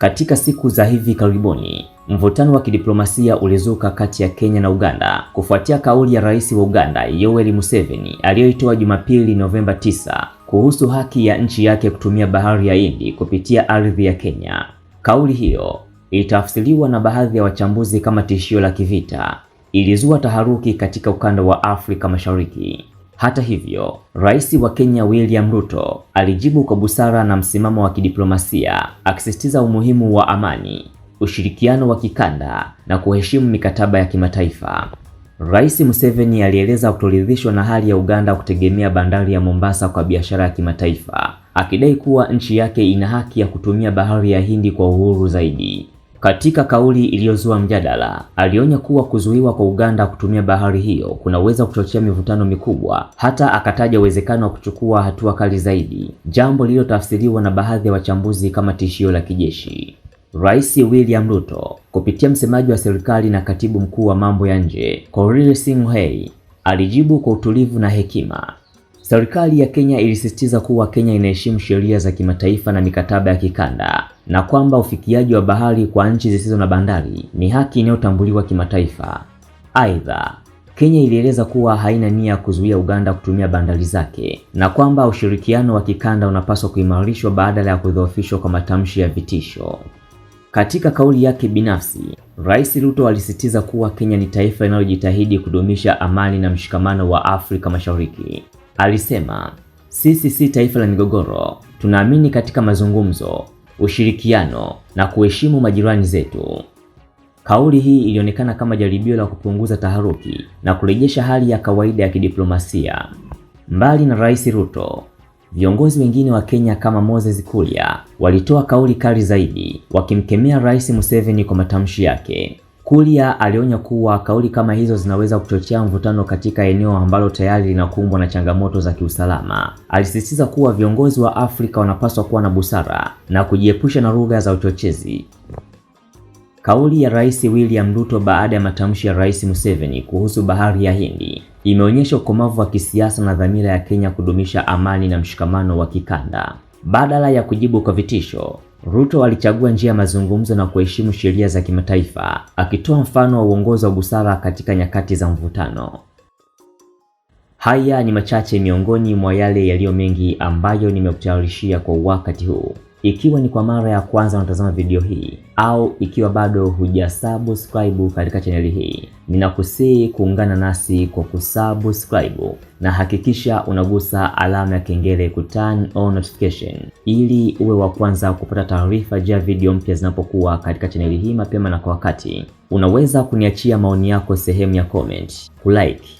Katika siku za hivi karibuni, mvutano wa kidiplomasia ulizuka kati ya Kenya na Uganda kufuatia kauli ya Rais wa Uganda Yoweri Museveni aliyoitoa Jumapili Novemba 9 kuhusu haki ya nchi yake kutumia Bahari ya Hindi kupitia ardhi ya Kenya. Kauli hiyo ilitafsiriwa na baadhi ya wachambuzi kama tishio la kivita. Ilizua taharuki katika ukanda wa Afrika Mashariki. Hata hivyo, Rais wa Kenya William Ruto alijibu kwa busara na msimamo wa kidiplomasia, akisisitiza umuhimu wa amani, ushirikiano wa kikanda na kuheshimu mikataba ya kimataifa. Rais Museveni alieleza kutoridhishwa na hali ya Uganda kutegemea bandari ya Mombasa kwa biashara ya kimataifa, akidai kuwa nchi yake ina haki ya kutumia bahari ya Hindi kwa uhuru zaidi. Katika kauli iliyozua mjadala, alionya kuwa kuzuiwa kwa Uganda kutumia bahari hiyo kunaweza kuchochea mivutano mikubwa, hata akataja uwezekano wa kuchukua hatua kali zaidi, jambo lililotafsiriwa na baadhi ya wachambuzi kama tishio la kijeshi. Rais William Ruto kupitia msemaji wa serikali na katibu mkuu wa mambo ya nje Korir Sing'oei alijibu kwa utulivu na hekima. Serikali ya Kenya ilisisitiza kuwa Kenya inaheshimu sheria za kimataifa na mikataba ya kikanda na kwamba ufikiaji wa bahari kwa nchi zisizo na bandari ni haki inayotambuliwa kimataifa. Aidha, Kenya ilieleza kuwa haina nia ya kuzuia Uganda kutumia bandari zake na kwamba ushirikiano wa kikanda unapaswa kuimarishwa badala ya kudhoofishwa kwa matamshi ya vitisho. Katika kauli yake binafsi, Rais Ruto alisisitiza kuwa Kenya ni taifa linalojitahidi kudumisha amani na mshikamano wa Afrika Mashariki. Alisema, sisi si taifa la migogoro, tunaamini katika mazungumzo ushirikiano na kuheshimu majirani zetu. Kauli hii ilionekana kama jaribio la kupunguza taharuki na kurejesha hali ya kawaida ya kidiplomasia. Mbali na Rais Ruto, viongozi wengine wa Kenya kama Moses Kuria walitoa kauli kali zaidi wakimkemea Rais Museveni kwa matamshi yake. Kuria alionya kuwa kauli kama hizo zinaweza kuchochea mvutano katika eneo ambalo tayari linakumbwa na changamoto za kiusalama. Alisisitiza kuwa viongozi wa Afrika wanapaswa kuwa na busara na kujiepusha na lugha za uchochezi. Kauli ya Rais William Ruto baada ya matamshi ya Rais Museveni kuhusu Bahari ya Hindi imeonyesha ukomavu wa kisiasa na dhamira ya Kenya kudumisha amani na mshikamano wa kikanda. Badala ya kujibu kwa vitisho, Ruto alichagua njia ya mazungumzo na kuheshimu sheria za kimataifa, akitoa mfano wa uongozi wa busara katika nyakati za mvutano. Haya ni machache miongoni mwa yale yaliyo mengi ambayo nimekutayarishia kwa wakati huu. Ikiwa ni kwa mara ya kwanza unatazama video hii au ikiwa bado hujasubscribe katika chaneli hii, ninakusihi kuungana nasi kwa kusubscribe na hakikisha unagusa alama ya kengele ku turn on notification ili uwe wa kwanza kupata taarifa ya video mpya zinapokuwa katika chaneli hii mapema na kwa wakati. Unaweza kuniachia maoni yako sehemu ya comment, kulike